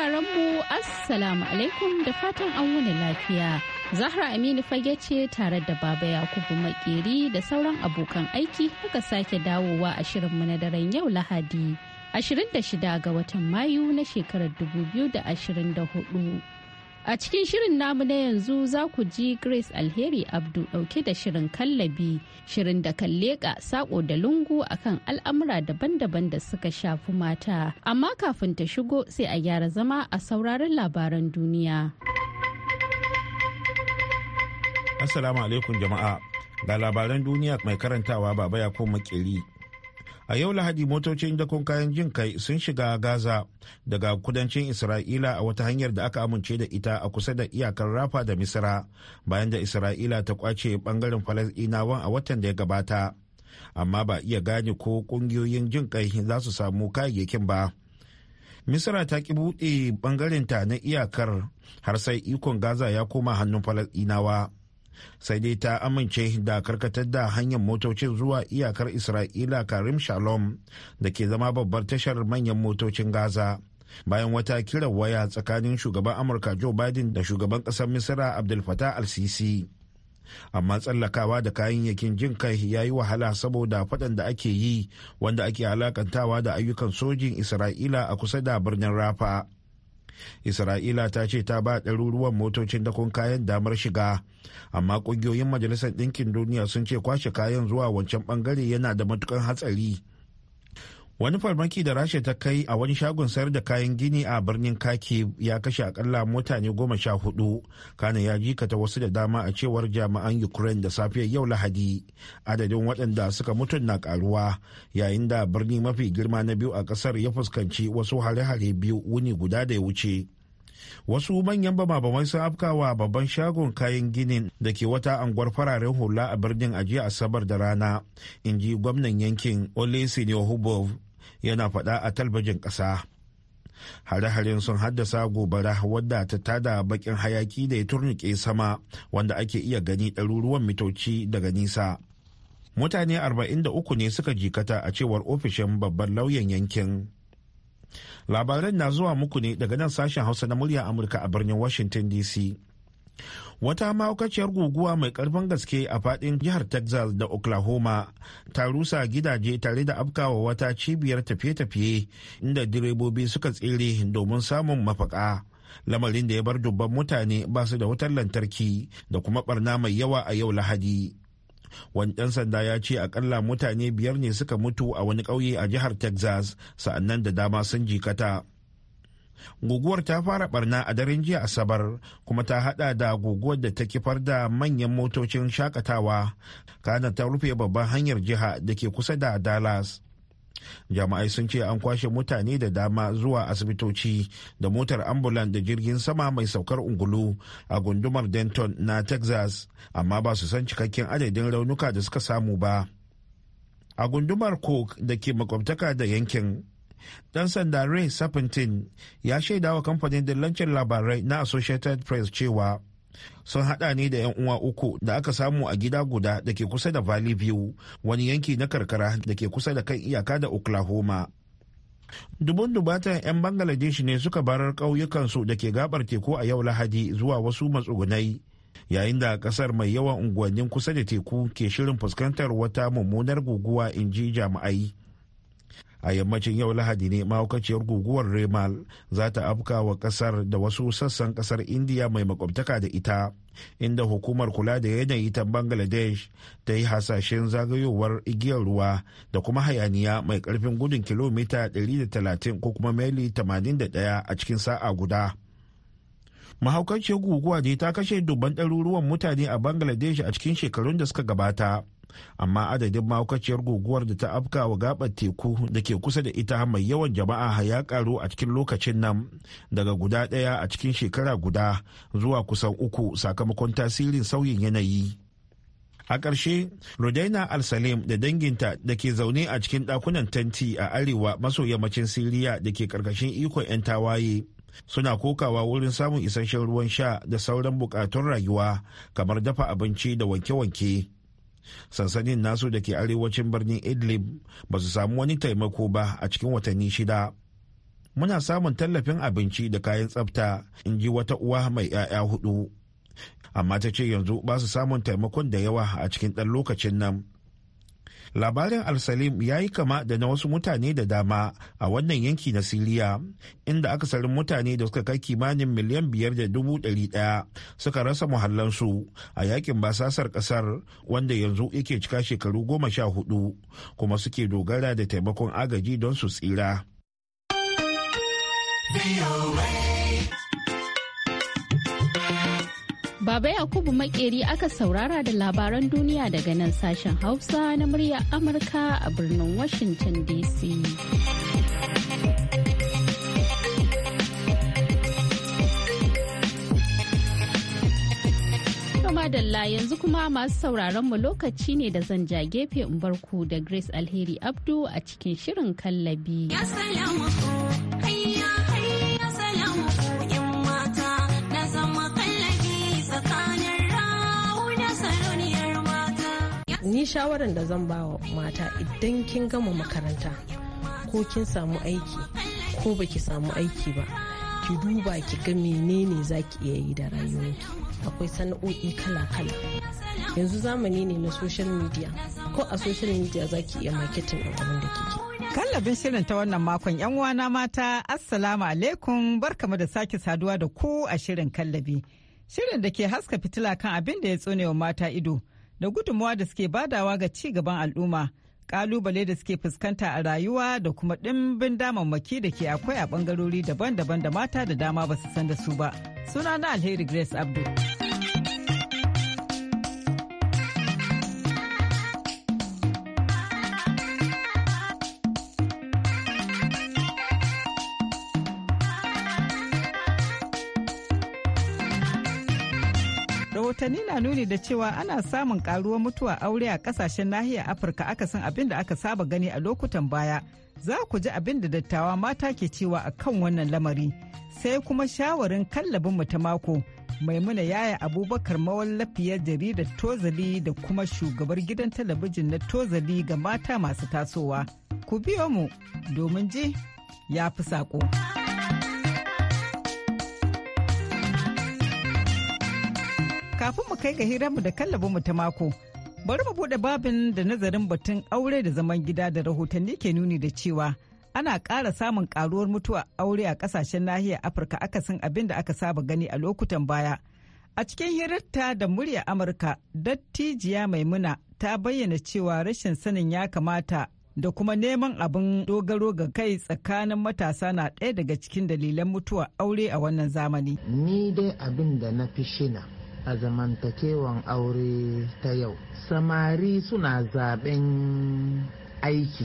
sauraron mu Assalamu alaikum da fatan an wani lafiya. Zahra Aminu fage ce tare da Baba Yakubu Makeri da sauran abokan aiki muka sake dawowa a shirinmu na daren yau Lahadi. 26 ga watan Mayu na shekarar 2024. A cikin shirin namu na yanzu za ku ji Grace Alheri Abdu ɗauke da shirin kallabi, shirin da kan leƙa saƙo da lungu akan al'amura daban-daban da suka shafi mata. Amma kafin ta shigo sai a gyara zama a sauraron labaran duniya. Assalamu alaikum jama'a. Ga labaran duniya mai karantawa baba ya ko makeri. a yau lahadi motocin dakon kayan jin kai sun shiga gaza daga kudancin isra'ila a wata hanyar da aka amince da ita a kusa da iyakar rafa da misira bayan da isra'ila ta kwace bangaren falasdinawan a watan da ya gabata amma ba iya gane ko kungiyoyin jin kai za su samu kayayyakin ba misira ta ki buɗe bangarenta na iyakar har sai ikon gaza ya koma hannun falasdinawa sai dai ta amince da karkatar da hanyar motocin zuwa iyakar isra'ila karim shalom da ke zama babbar tashar manyan motocin gaza bayan wata kiran waya tsakanin shugaban amurka joe biden da shugaban kasar misira abdul fatah al-sisi amma tsallakawa da kayayyakin jin kai ya yi wahala saboda faɗan da ake yi wanda ake alakantawa da ayyukan sojin isra'ila a kusa da birnin rafa isra'ila ta ce ta ba ɗaruruwan motocin dakon kayan damar shiga amma ƙungiyoyin majalisar ɗinkin duniya sun ce kwashe kayan zuwa wancan ɓangare yana da matukan hatsari wani farmaki da rasha ta kai a wani shagon sayar da kayan gini a birnin kaki ya kashe akalla mutane goma sha hudu kana ya jikata wasu da dama a cewar jami'an ukraine da safiyar yau lahadi adadin waɗanda suka mutu na karuwa yayin da birni mafi girma na biyu a ƙasar ya fuskanci wasu hare-hare biyu wuni guda da ya wuce wasu manyan bama-bamai sun afkawa babban shagon kayan ginin da ke wata anguwar fararen hula a birnin ajiya asabar da rana in ji gwamnan yankin olesi ne hubov yana faɗa a talbijin ƙasa hare-haren sun haddasa gobara wadda ta tada bakin hayaki da ya turnuƙe sama wanda ake iya gani ɗaruruwan mitoci daga nisa mutane 43 ne suka jikata a cewar ofishin babban lauyan yankin labaran na zuwa muku ne daga nan sashen hausa na murya amurka a birnin washington dc wata mahaukaciyar guguwa mai karfin gaske a fadin jihar texas da oklahoma ta rusa gidaje tare da afkawa wata cibiyar tafiye-tafiye inda direbobi suka tsere domin samun mafaka lamarin da ya bar dubban mutane ba su da wutar lantarki da kuma barna mai yawa a yau lahadi wani ɗan sanda ya ce akalla mutane biyar ne suka mutu a wani ƙauye a jihar texas sa'annan da dama sun jikata guguwar ta fara barna a daren jiya asabar kuma ta hada da guguwar da ta kifar da manyan motocin shakatawa kana ta rufe babban hanyar jiha da ke kusa da dallas jama'ai sun ce an kwashe mutane da dama zuwa asibitoci da motar ambulan da jirgin sama mai saukar ungulu a gundumar denton na texas amma ba su san cikakken adadin raunuka da suka samu ba a gundumar cook da ke makwabtaka da yankin dan sanda ray serpentin ya shaida wa kamfanin dillancin labarai na associated press cewa sun hada ne da 'yan uwa uku da aka samu a gida guda da ke kusa da valley view wani yanki na karkara da ke kusa da kan iyaka da oklahoma dubun dubatan 'yan bangladesh ne suka barar ƙauyukansu da ke gabar teku a yau lahadi zuwa wasu matsugunai yayin da kasar mai yawan unguwannin kusa da teku ke shirin fuskantar wata mummunar guguwa in ji jami'ai a yammacin yau lahadi ne mahaukaciyar guguwar remal za ta afka wa kasar da wasu sassan kasar indiya mai makwabtaka da ita inda hukumar kula da yanayi ta bangladesh ta yi hasashen zagayowar igiyar ruwa da kuma hayaniya mai karfin gudun kilomita 130 ko kuma maili 81 a cikin sa'a guda mahaukaciyar guguwa ne ta kashe dubban ɗaruruwan mutane a bangladesh a cikin shekarun da suka gabata amma adadin mahaukaciyar guguwar da ta afka wa gabar teku da ke kusa da ita mai yawan jama'a ya karu a cikin lokacin nan daga guda ɗaya a cikin shekara guda zuwa kusan uku sakamakon tasirin sauyin yanayi a ƙarshe rudaina al-salim da danginta da ke zaune a cikin ɗakunan tanti a arewa maso yammacin siriya da ke ƙarƙashin ikon 'yan tawaye suna kokawa wurin samun isasshen ruwan sha da sauran buƙatun rayuwa kamar dafa abinci da wanke-wanke. sansanin nasu da ke arewacin birnin idlib ba su samu wani taimako ba a cikin watanni shida muna samun tallafin abinci da kayan tsafta in ji wata uwa mai 'ya'ya hudu amma ta ce yanzu ba su samun taimakon da yawa a cikin ɗan lokacin nan labarin al-salim ya yi kama da na wasu mutane da dama a wannan yanki na siriya inda akasarin mutane da suka kai kimanin miliyan biyar da dubu ɗari ɗaya suka rasa muhallansu a yakin basasar ƙasar wanda yanzu yake cika shekaru goma sha hudu kuma suke dogara da taimakon agaji don su tsira. Baba Yakubu Makeri aka saurara da labaran duniya daga nan sashen Hausa na muryar Amurka a birnin Washington DC. madalla yanzu kuma masu sauraron mu lokaci ne da zan ja gefe in barku da Grace Alheri Abdu a cikin shirin kallabi. shawaran da zan ba wa mata idan kin gama makaranta ko kin samu aiki ko baki samu aiki ba ki duba ki ga menene za ki iya yi da rayuwarki akwai sana'o'i kala-kala yanzu zamani ne na social media ko a social media za ki iya marketing abin da kike kallabin shirin ta wannan makon yan uwana mata assalamu alaikum barkamu da sake saduwa da ku a shirin kallabi shirin da ke haska fitila kan abin da ya tsonewa mata ido da gudunmuwa da suke badawa ga ci gaban al'umma kalubale da suke fuskanta a rayuwa da kuma ɗimbin damammaki da ke akwai a bangarori daban-daban da mata da dama ba su san da su ba. suna na Alheri Grace Abdul. rahotanni na nuni da cewa ana samun karuwar mutuwa aure a kasashen nahiyar Afirka aka san abin da aka saba gani a lokutan baya. Za ku ji abin da dattawa mata ke cewa a kan wannan lamari. Sai kuma shawarin kallabin mu ta mako. Maimuna yaya abubakar mawallafiyar jaridar Tozali da kuma shugabar gidan talabijin na Tozali ga mata masu tasowa. Ku biyo mu domin ji ya fi saƙo. kafin mu kai ga mu da kallabin mu ta mako bari mu bude babin da nazarin batun aure da zaman gida da rahotanni ke nuni da cewa ana ƙara samun ƙaruwar mutuwa aure a ƙasashen nahiyar afirka aka san abin da aka saba gani a lokutan baya a cikin hirarta da murya amurka dattijiya maimuna ta bayyana cewa rashin sanin ya kamata da kuma neman abin dogaro ga kai tsakanin matasa na ɗaya daga cikin dalilan mutuwa aure a wannan zamani ni dai abin da na fi shina a zamantakewan aure ta yau samari suna zaben aiki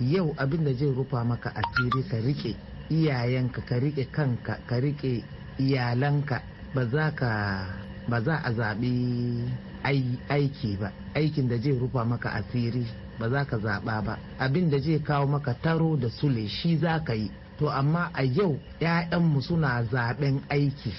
yau abin da zai rufa maka asiri ka rike iyayenka ka rike kanka ka rike iyalanka ba za a zaɓi aiki ba aikin da zai rufa maka asiri ba za ka zaɓa ba abin da zai kawo maka taro da sule shi za ka yi to amma a yau 'ya'yanmu suna zaɓen aiki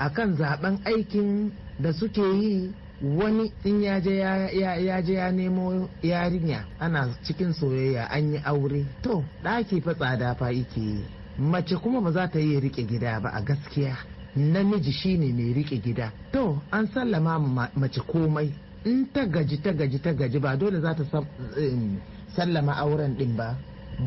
a kan zaben aikin da suke yi wani in ya je ya nemo yarinya ana cikin soyayya an yi aure to ɗaki fa tsada fa yake yi mace kuma ba za ta yi rike gida ba a gaskiya namiji shine mai rike gida to an sallama mace komai in ta gaji ta gaji ta gaji ba dole za ta sallama auren din ba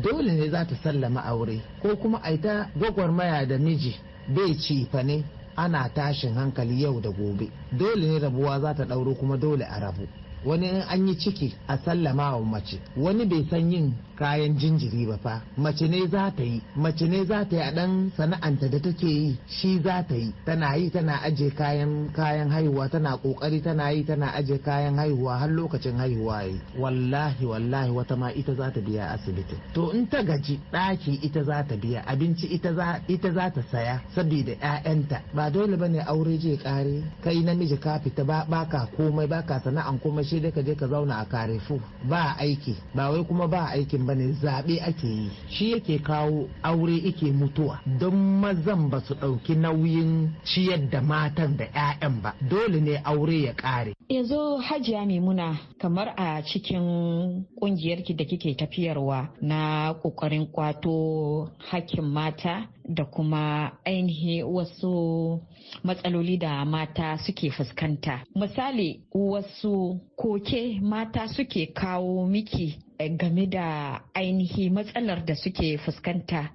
dole ne za ta sallama aure ko kuma aita gwagwarmaya da miji bai ci ne ana tashin hankali yau da gobe dole ne rabuwa za ta ɗauro kuma dole a rabu wani in an yi ciki a sallama wa mace wani bai san yin kayan jinjiri ba fa mace ne za ta yi mace ne za ta yi a dan sana'anta da take yi shi za ta yi tana yi tana aje kayan kayan haihuwa tana kokari tana yi tana aje kayan haihuwa har lokacin haihuwa yi wallahi wallahi wata ma ita za ta biya asibiti to in ta gaji ɗaki ita za ta biya abinci ita za ita za ta saya saboda ƴaƴanta ba dole bane aure je kare kai namiji ka fita ba ka komai baka sana'an komai sai dai ka je ka zauna a karefu ba aiki ba wai kuma ba aikin ba ne zaɓe ake yi shi yake kawo aure yake mutuwa don mazan ba su ɗauki nauyin ciyar da matan da 'ya'yan ba dole ne aure ya ƙare yanzu hajiya maimuna kamar a cikin kungiyarki da kike tafiyarwa na ƙoƙarin kwato hakkin mata da kuma ainihi wasu matsaloli da mata suke fuskanta misali wasu koke mata suke kawo miki eh, game da ainihi matsalar da suke fuskanta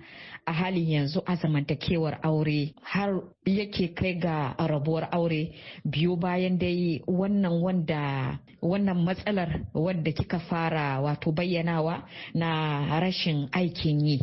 a halin yanzu a zamantakewar aure har yake kai ga rabuwar aure biyu bayan dai wannan wanda wannan matsalar wadda kika fara wato bayyanawa na rashin aikin yi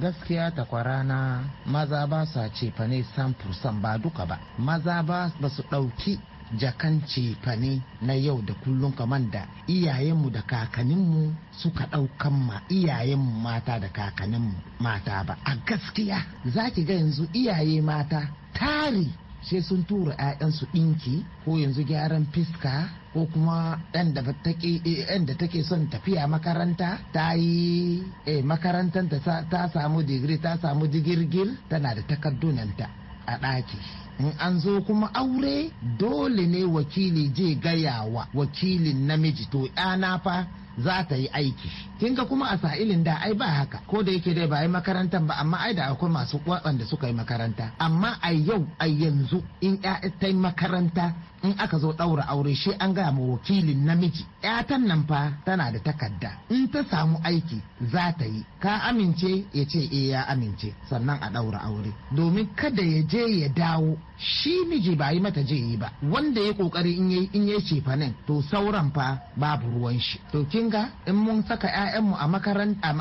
gaskiya ta na maza ba sa ce fa ne san ba duka ba maza ba su ɗauki jakan cefane na yau da kullum kamar da iyayenmu da kakaninmu suka ɗaukan ma iyayenmu mata da kakaninmu mata ba a gaskiya za ki ga yanzu iyaye mata tari sai sun tura 'ya'yansu ɗinki ko yanzu gyaran fiska ko kuma ɗan da take son tafiya makaranta ta yi eh, makarantar ta samu digiri ta samu digirgir tana da takardunanta a ɗaki in an zo kuma aure dole ne wakili je gayawa wakilin namiji to yana fa za ta yi aiki kin ga kuma a sa'ilin da ai ba haka ko da yake dai ba yi makarantar ba amma ai da akwai masu wanda suka yi makaranta amma a yau a yanzu in ta yi makaranta in aka zo ɗaura aure shi an gaya ma wakilin namiji yatan nan fa tana da takarda in ta samu aiki za ta yi ka amince ya ce eh ya amince sannan a ɗaura aure domin kada ya je ya dawo shi miji ba yi mata je yi ba wanda ya kokari in yayi in yi cefanen to sauran fa babu ruwan shi to kin ga in mun saka ƴaƴanmu a makaranta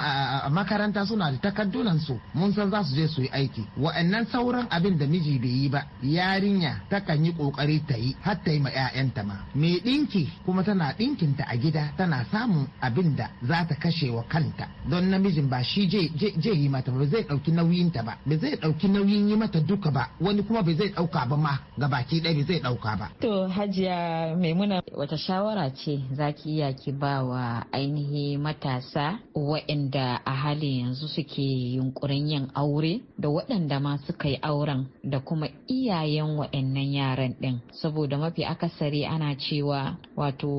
makaranta suna da takaddunan su mun san za su je su yi aiki wa'annan sauran abin da miji bai yi ba yarinya takan yi kokari ta yi har ta yi ma 'ya'yanta ma mai ɗinki kuma tana ɗinkinta a gida tana samun abin da za ta kashe wa kanta don namijin ba shi je yi mata ba zai ɗauki nauyinta ba ba zai ɗauki nauyin yi mata duka ba wani kuma ba zai ɗauka ba ma ga baki ɗaya ba zai ɗauka ba. to hajiya maimuna wata shawara ce za ki iya ki ba wa ainihi matasa waɗanda a halin yanzu suke yunkurin yin aure da waɗanda ma suka yi auren da kuma iyayen waɗannan yaran ɗin saboda da mafi akasari ana cewa wato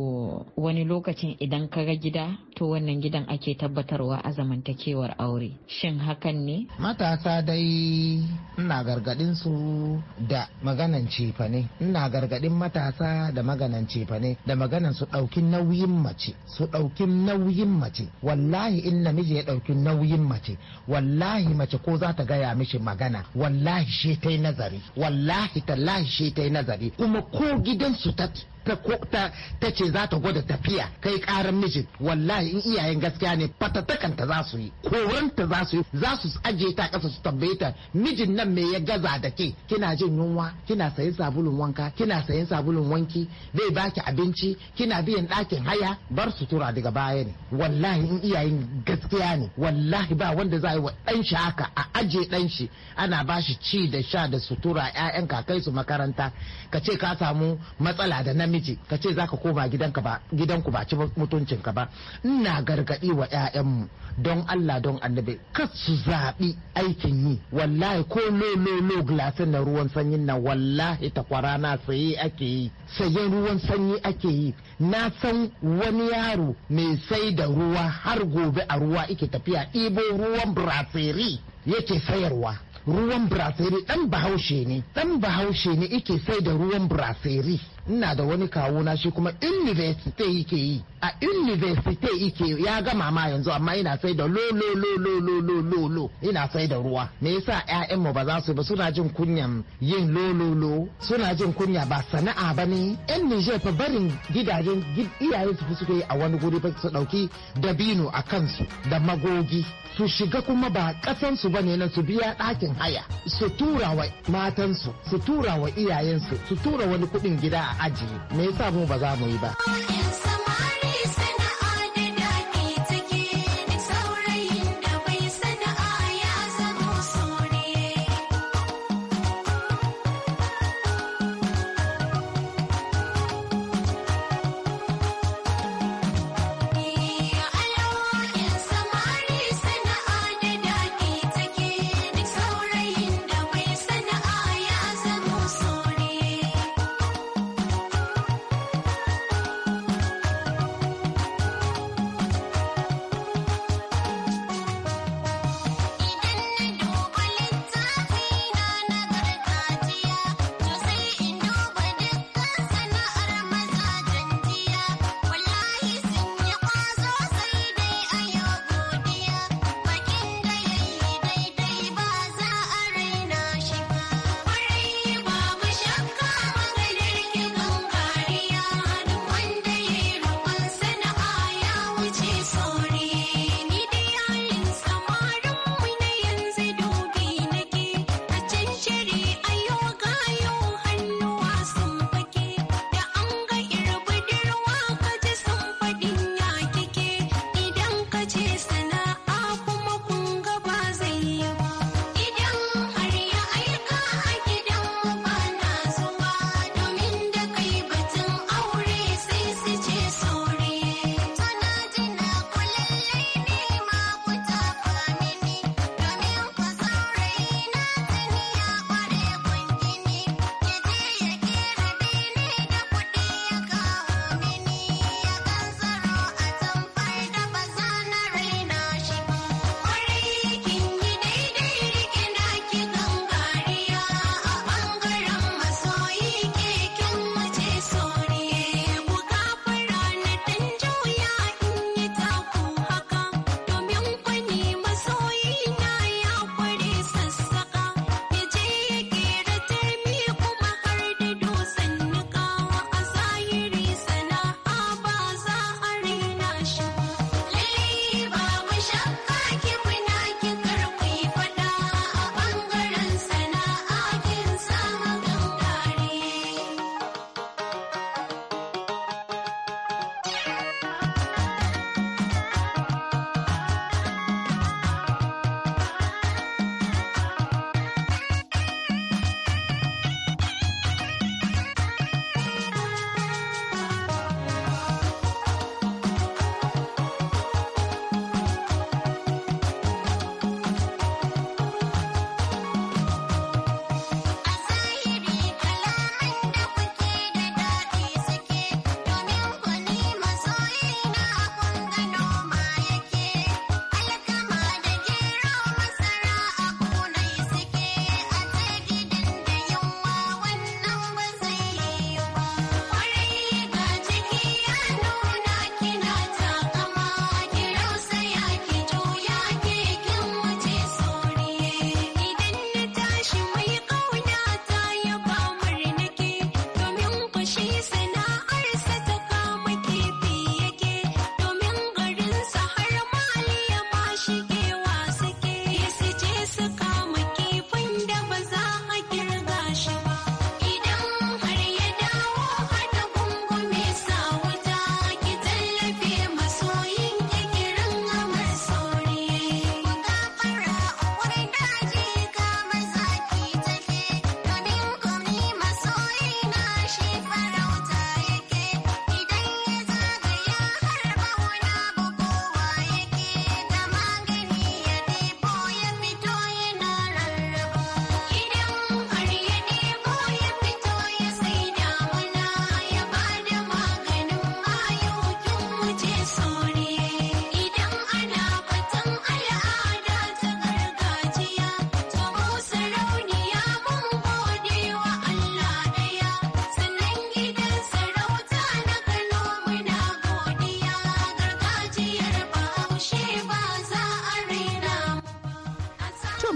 wani lokacin idan ka ga gida to wannan gidan ake tabbatarwa a zamantakewar aure shin hakan ne matasa dai ina gargadin su da maganan cefa ne ina gargadin matasa da maganan cefa ne da maganan su ɗauki nauyin mace su ɗauki nauyin mace wallahi in namiji ya ɗauki nauyin mace wallahi mace ko za ta gaya mishi magana wallahi shi ta yi nazari wallahi tallahi shi ta yi nazari kuma ko gidan su ta ta ta ta ce za ta gwada tafiya kai karan mijin wallahi in iyayen gaskiya ne ta za su yi koranta za su yi za su aje ta kasa su tambaye ta mijin nan me ya gaza da ke kina jin yunwa kina sayan sabulun wanka kina sayin sabulun wanki bai baki abinci kina biyan ɗakin haya bar sutura daga baya ne wallahi in iyayen gaskiya ne wallahi ba wanda za yi wa ɗan shi haka a aje ɗan shi ana ba shi ci da sha da sutura 'ya'yan kakai su makaranta ka ce ka samu matsala da namiji namiji ka ce zaka koma gidanka ba gidanku ba ci mutuncinka ba ina gargaɗi wa ƴaƴanmu don Allah don annabi kas su zaɓi aikin yi wallahi ko lololo glasin na ruwan sanyi nan wallahi takwara na saye ake yi sayen ruwan sanyi ake yi na san wani yaro mai sai da ruwa har gobe a ruwa ike tafiya ibo ruwan brasiri yake sayarwa ruwan brasiri ɗan bahaushe ne ɗan bahaushe ne ike sai da ruwan brasiri ina da wani kawo na shi kuma university yake yi a university yake ya gama ma yanzu amma ina sai da lo ina sai da ruwa me yasa ƴaƴan mu ba za su ba suna jin kunyan yin lo suna jin kunya ba sana'a ba ne ƴan Niger fa barin gidajen iyayen su suka yi a wani guri ba su dauki dabino a kansu da magogi su shiga kuma ba kasansu ba ne na su biya ɗakin haya su tura wa matansu su tura wa iyayensu su tura wani kuɗin gida ajiye me yasa mu ba za mu yi ba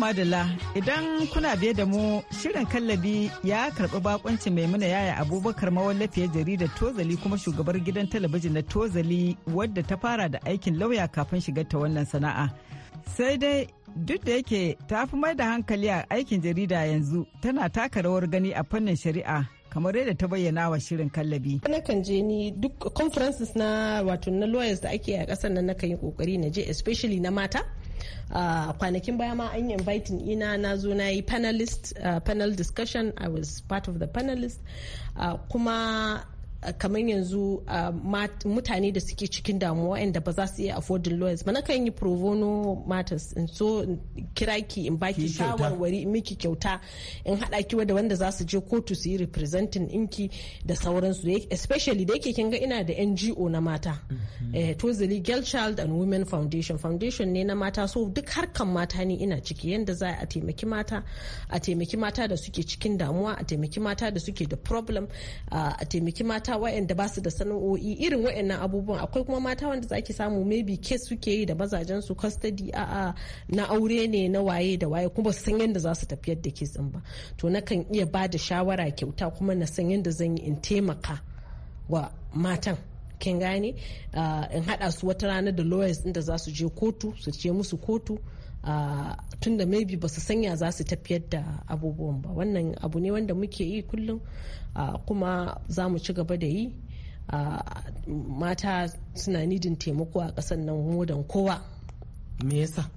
madalla idan kuna biye da mu shirin kallabi ya karbi bakunci maimuna yaya abubakar mawallafiyar jaridar tozali kuma shugabar gidan talabijin na tozali wadda ta fara da aikin lauya kafin shigar ta wannan sana'a sai dai duk da yake ta fi mai da hankali a aikin jarida yanzu tana taka rawar gani a fannin shari'a kamar yadda ta bayyana wa shirin kallabi. kan je ni duk conferences na wato na lawyers da ake a kasar nan nakan yi kokari na je especially na mata uh, kwanakin baya ma an inviting ina na zo na yi panelist uh, panel discussion i was part of the panelist uh, kuma kamar yanzu mutane da suke cikin damuwa inda ba za su iya affording lawyers ba na kan yi pro bono matters in so kira ki in baki shawarwari miki kyauta in hada ki wanda za su je kotu su yi representing inki da sauransu especially da yake ga ina da NGO na mata mm-hmm. eh, tozali girl child and women foundation foundation ne na mata so duk harkan mata ne ina ciki yanda za a taimaki mata a taimaki mata da suke cikin damuwa a taimaki mata da suke da problem a taimaki mata mata waɗanda ba su da sana'o'i irin waɗannan abubuwan akwai kuma mata wanda zaki samu maybe ke suke yi da mazajen su custody a'a na aure ne na waye da waye kuma san yadda za su tafiyar da ke ba to nakan iya ba da shawara kyauta kuma na san yadda zan yi in taimaka wa matan kin gane ah, in haɗa su wata rana da lawyers inda za su je kotu su ce musu kotu tun da maybe ba su sanya za su tafiyar da abubuwan ba wannan abu ne wanda muke yi kullum kuma za mu ci gaba da yi mata suna nidin taimako a ƙasan nan modan kowa me yasa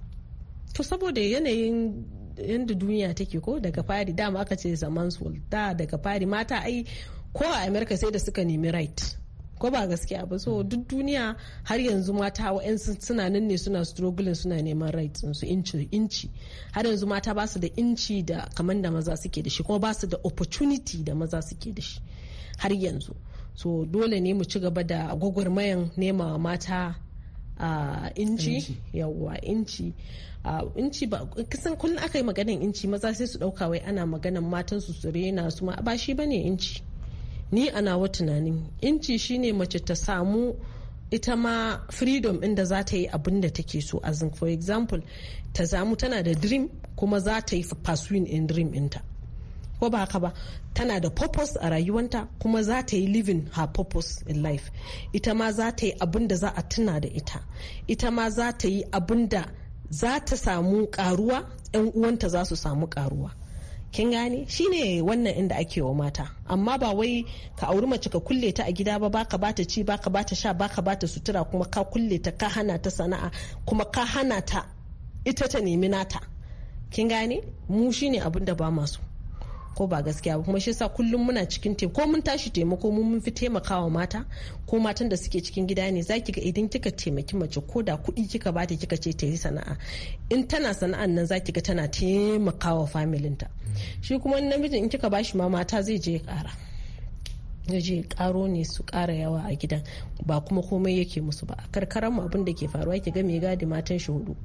to saboda yanayin yadda duniya take ko daga fari dama aka ce zaman sulta daga fari mata ai ko a america sai da suka nemi right ko ba gaskiya ba so duk duniya har yanzu mata wa'yansu suna nan ne suna struggling suna neman rights su inci inci har yanzu mata ba su da inci da kaman da maza suke da shi kuma ba su da opportunity da maza suke da shi har yanzu so dole ne mu ci gaba da gwagwarmayan nema mata a inci yawwa inci inci ba kusan kullum aka yi maganin inci maza sai su dauka wai ana maganan matan su su rena su ma ba shi bane inci ni ana wa tunanin inci shine mace ta samu ita ma freedom inda za ta yi abin da take so azin for example ta zamu tana da dream kuma za ta yi pursuing in dream inta ko ba haka ba tana da purpose a rayuwanta kuma za ta yi living her purpose in life ita ma za ta yi abin da za a tuna da ita ita ma za ta yi abin da za ta samu karuwa 'yan uwanta za su samu karuwa kin gane shine wannan inda ake wa mata amma ba wai ka auri mace ka kulle ta a gida ba baka bata ci baka bata sha baka bata sutura kuma ka kulle ta ka hana ta sana'a kuma ka hana ta ita ta nemi nata kin gane mu shine abin da ba masu ko ba gaskiya ba kuma shi yasa kullum muna cikin te ko mun tashi taimako mun mun fi taimakawa mata ko matan da suke cikin gida ne zaki ga idan kika taimaki mace ko da kuɗi kika bata kika ce ta yi sana'a in tana sana'an nan zaki ga tana taimakawa familin ta. shi kuma namijin in kika bashi ma mata zai je ya ƙara ya je karo ne su kara yawa a gidan ba kuma komai yake musu ba a karkaran mu abin da ke faruwa ki ga mai gadi matan shi hudu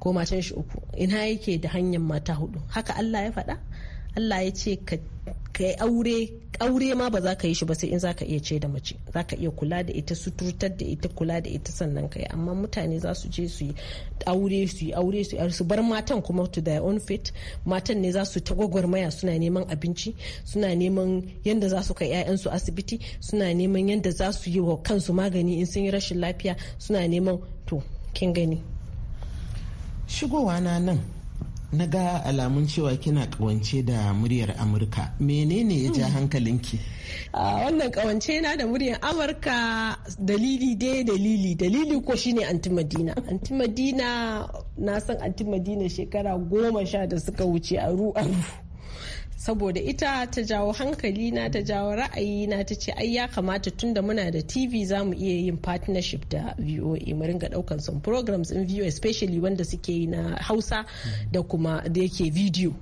ko matan shi uku ina yake da hanyar mata hudu haka Allah ya faɗa Allah ya ce ka yi aure aure ma ba za ka yi shi ba sai in za ka iya ce da mace za ka iya kula da ita suturtar da ita kula da ita sannan ka yi amma mutane za su je su yi aure su yi aure su yi su bar matan kuma to their own fate matan ne za su ta gwagwarmaya suna neman abinci suna neman yadda za su kai yayan su asibiti suna neman yadda za su yi wa kansu magani in sun yi rashin lafiya suna neman to kin gani shigowa na nan na ga alamun cewa kina kawance da muryar amurka menene ya ja hmm. hankalinki wannan kawance na da muryar amurka dalili dai dalili dalili ko shine anti madina anti madina na san anti madina shekara goma sha da suka wuce a ru'aru saboda ita ta jawo hankali na ta jawo ra'ayi na ta ce ai ya kamata tun da muna da tv za mu iya yin partnership da voa mu ringa daukan some programs in voa especially wanda suke yi na hausa da kuma da yake video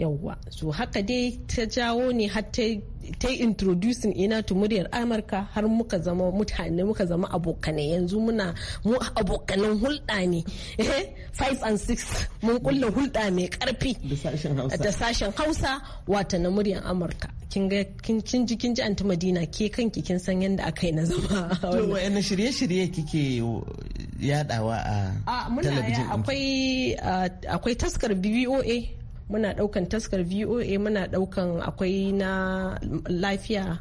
yauwa so haka dai ta jawo ne har ta yi introducing ina to muryar amurka har muka zama mutane muka zama abokanai yanzu muna mu abokanan hulɗa ne 5 eh, and 6 mun kulle hulɗa mai karfi da sashen hausa wata na muryar amurka kin ga kin ji kin ji anti madina ke kanki kin san yadda aka yi na zama to wayanne shirye-shirye kike yadawa a talabijin akwai akwai taskar BBOA muna daukan taskar voa muna daukan akwai na lafiya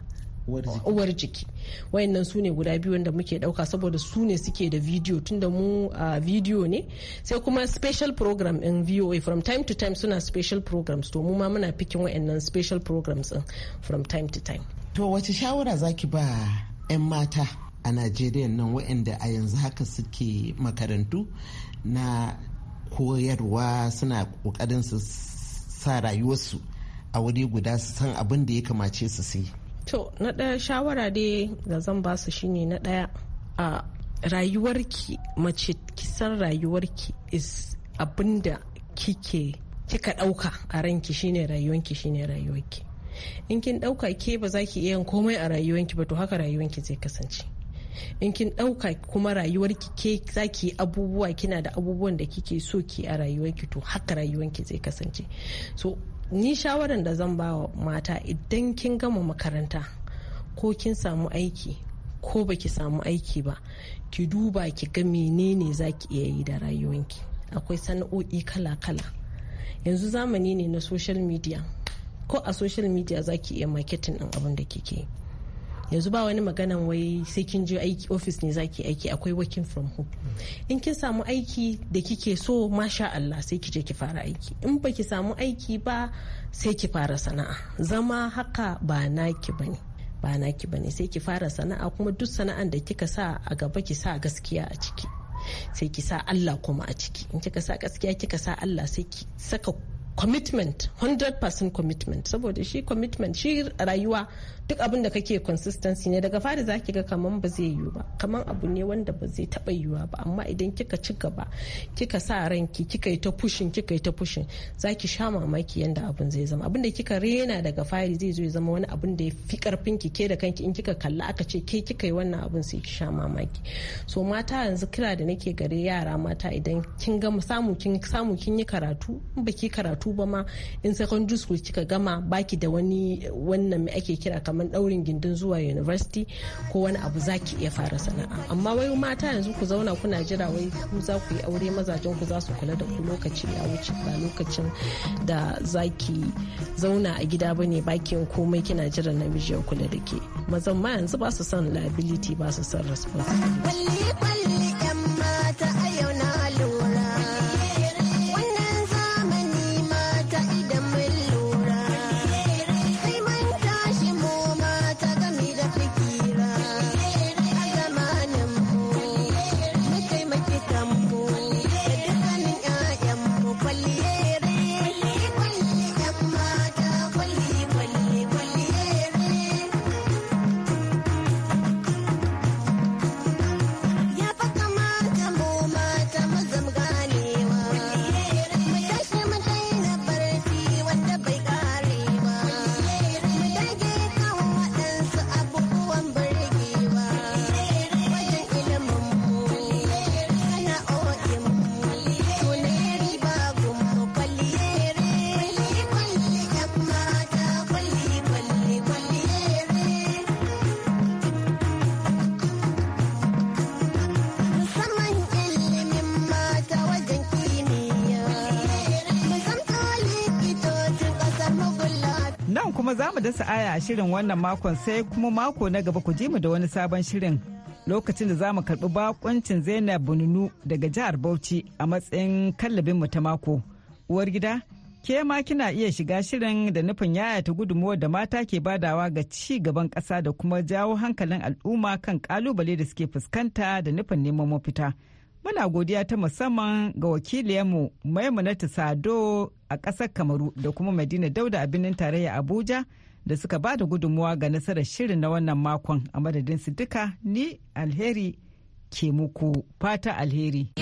uwar jiki wayannan su ne guda biyu wanda muke dauka saboda su ne suke da video tunda mu a video ne sai kuma special program in voa from time to time suna special programs to mu ma muna fikin wayannan special programs in from time to time to wace shawara zaki ba 'yan mata a najeriya nan wayanda a yanzu haka suke makarantu na koyarwa suna kokarin su sa rayuwarsu a wuri guda su san abin da ya kamace su sai to na ɗaya shawara dai da zan ba su shine na ɗaya a rayuwarki mace kisan rayuwarki is abin da kike kika ɗauka a ranki shine shi shine rayuwarki in kin ɗauka ke ba za ki iya komai a rayuwarki ba to haka rayuwarki zai kasance in kin ɗauka kuma rayuwarki ke zaki abubuwa kina da abubuwan da kike so ki a rayuwarki to haka rayuwarki zai kasance so ni shawaran da zan ba wa mata idan kin gama makaranta ko kin samu aiki ko baki samu aiki ba ki duba ki ga menene zaki iya yi da rayuwarki akwai sana'o'i kala-kala yanzu zamani ne na social media ko a social media zaki iya marketing din abin da kike yi yanzu ba wani maganan wai sai kin je aiki ofis ne zaki aiki akwai working from home hmm. in kin samu aiki da kike so masha Allah sai ki je ki fara aiki in ba ki samu aiki ba sai ki fara sana'a zama haka ba naki bane ba naki bane sai ki fara sana'a kuma duk sana'an da kika sa a gaba ki sa gaskiya a ciki sai ki sa Allah kuma a ciki in kika sa gaskiya kika sa Allah sai ki saka commitment 100% commitment saboda shi commitment shi rayuwa duk abin da kake consistency ne daga fari zaki ga kaman ba zai yiwu ba kaman abu ne wanda ba zai taba yiwuwa ba amma idan kika ci gaba kika sa ranki kika yi ta pushin kika yi ta pushin zaki sha mamaki yanda abin zai zama abin da kika rena daga fari zai zo ya zama wani abin da ya fi karfin ki ke da kanki in kika kalla aka ce ke kika yi wannan abin sai ki sha mamaki so mata yanzu kira da nake gare yara mata idan kin ga samu kin samu kin yi karatu in ki karatu karatu ba ma in secondary school kika gama baki da wani wannan me ake kira kamar daurin gindin zuwa university ko wani abu zaki iya fara sana'a amma wai mata yanzu ku zauna kuna jira wai ku za ku yi aure mazajen ku za su kula da ku lokaci ya wuce ba lokacin da zaki zauna a gida bane baki komai kina jiran namiji ya kula da ke mazan ma yanzu ba su son liability ba su son responsibility. kuma za mu dasa aya a shirin wannan makon sai kuma mako na gaba ku ji mu da wani sabon shirin lokacin da za mu karɓi bakoncin zainab bununu daga jihar bauchi a matsayin kallabin mu ta mako uwar gida ke ma kina iya shiga shirin da nufin yayata gudunmuwar da mata ke badawa ga ci gaban ƙasa da kuma jawo hankalin al'umma kan ƙalubale da suke fuskanta da nufin neman mafita. Muna godiya ta musamman ga wakiliyarmu Maimunatu Sado a ƙasar Kamaru da kuma Madina Dauda a birnin tarayya Abuja da suka ba da gudunmuwa ga nasarar shirin na wannan makon a madadin su duka ni alheri ke muku fata alheri.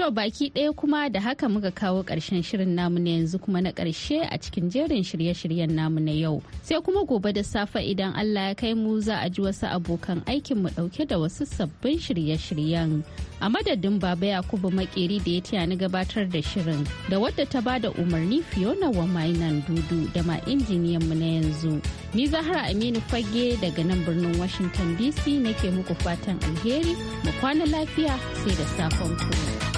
To baki ɗaya kuma da haka muka kawo ƙarshen shirin namu na yanzu kuma na ƙarshe a cikin jerin shirye-shiryen namu na yau. Sai kuma gobe da safe idan Allah ya kai mu za a ji wasu abokan aikin mu ɗauke da wasu sabbin shirye-shiryen. A madadin Baba Yakubu Makeri da ya tiyani ni gabatar da shirin da wadda ta ba da umarni Fiona wa Mainan Dudu da ma injiniyan mu na yanzu. Ni Zahra Aminu Fage daga nan birnin Washington DC nake muku fatan alheri mu kwana lafiya sai da safen ku.